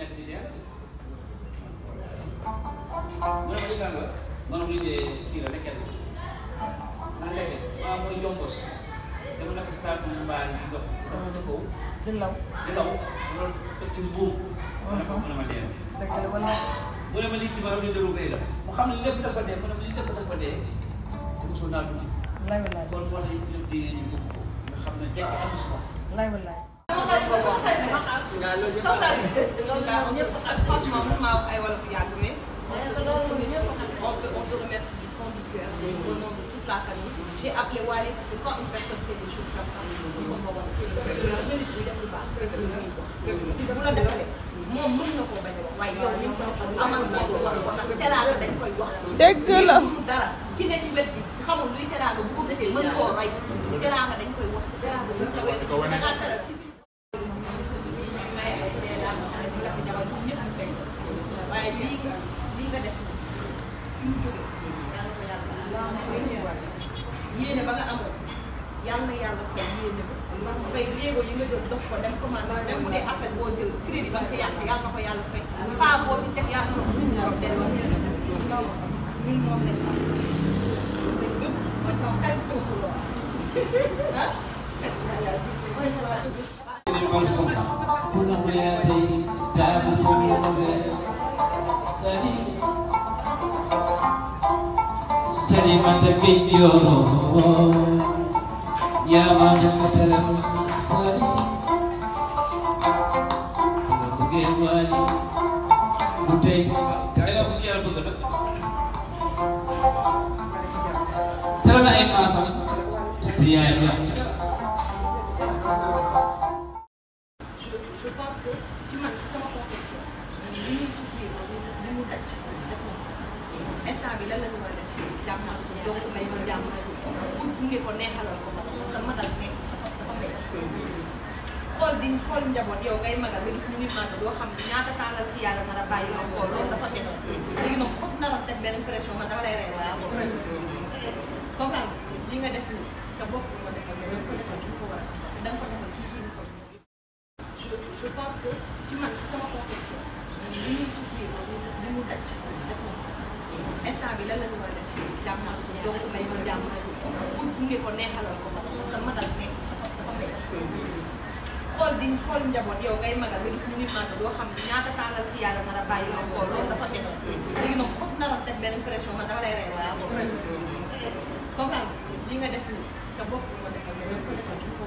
nekk di dee mu ne ma dëgg la ma ne lii de kii la nekkee la ndax nekkee waaw mooy jombos dama nekk si taatu mbaal di dox dox ci kaw di law di law loolu def ci mbuum mu ne ko mu ne ma dee dëgg la wala mu ne ma lii ci baaru dëru bay la mu xam ne lépp dafa dee mu ne ma lii lépp dafa dee dama soo naatu na lay walaay kon moo tax ñu lépp diine ñu bëgg ko nga xam ne jekk am solo lay walaay nga loolu yëpp xam naa loolu ñëpp xam franchement mën naa wax ay wolof yàgg mais. loolu ñëpp xam on te on te remercie du fond du cœur. au nom de toute la famille. j'ai appelé Wally parce que quand une personne fait des choses comme ça. il faut nga wax nit ñi def lu baax. bu la defalee moom mën na koo bañ a wax waaye yow ni mu ko amal naa ko war a wax ndax teraanga dañ koy wax. dëgg la dara ki ne ci wet bi xamul luy teraanga bu ko gisee mën koo roy. fi mu jógee yàlla na yàlla si yéene ba nga amoon yàlla na yàlla fay yéene ba. fay jéego yi nga jël dox ko dem commande même bu dee appel boo jël crédit ba nga ko yàq yàlla na ko yàlla fay. pas boo ci teg yàlla na ko suñu borom delloo si ñun moom lañ am ñun mooy sama xarit sama kuréel ah. mooy sama suuf. salimata biyo ñamana ko teram sali ko gay wali bu tey kay la bu yàlla bëgg na teral ay maasam ci yaayam la instant bi lan la ñu war a def jàmm donc may ñu jàmm pour gunge ko neexalal ko parce que magal ne dafa métti xool di xool njaboot yow ngay magal nga gis ñu ngi màgg doo xam ñaata tàngal fi yàlla nar a bàyyi ma xool loolu dafa métti léegi nag foofu nar a teg benn pression man dama lay rey waaw comprendre li nga def nii sa bopp ko defal da nga ko defal ki ko war a da nga ko defal kii suñu ko je je pense que ci man ci sama conception li ñuy souffrir li mu daj instant bi lan la ñu war a def dimbee ko a ko sa que magal ne dafa dafa métti xool di xool njaboot yow ngay magal nga gis ñu ngi màgg doo xam ñaata tàngal fi yàlla nar a bàyyi la xool loolu dafa métti léegi nag foofu nar a def benn li nga def ni sa bopp ko defal ko defal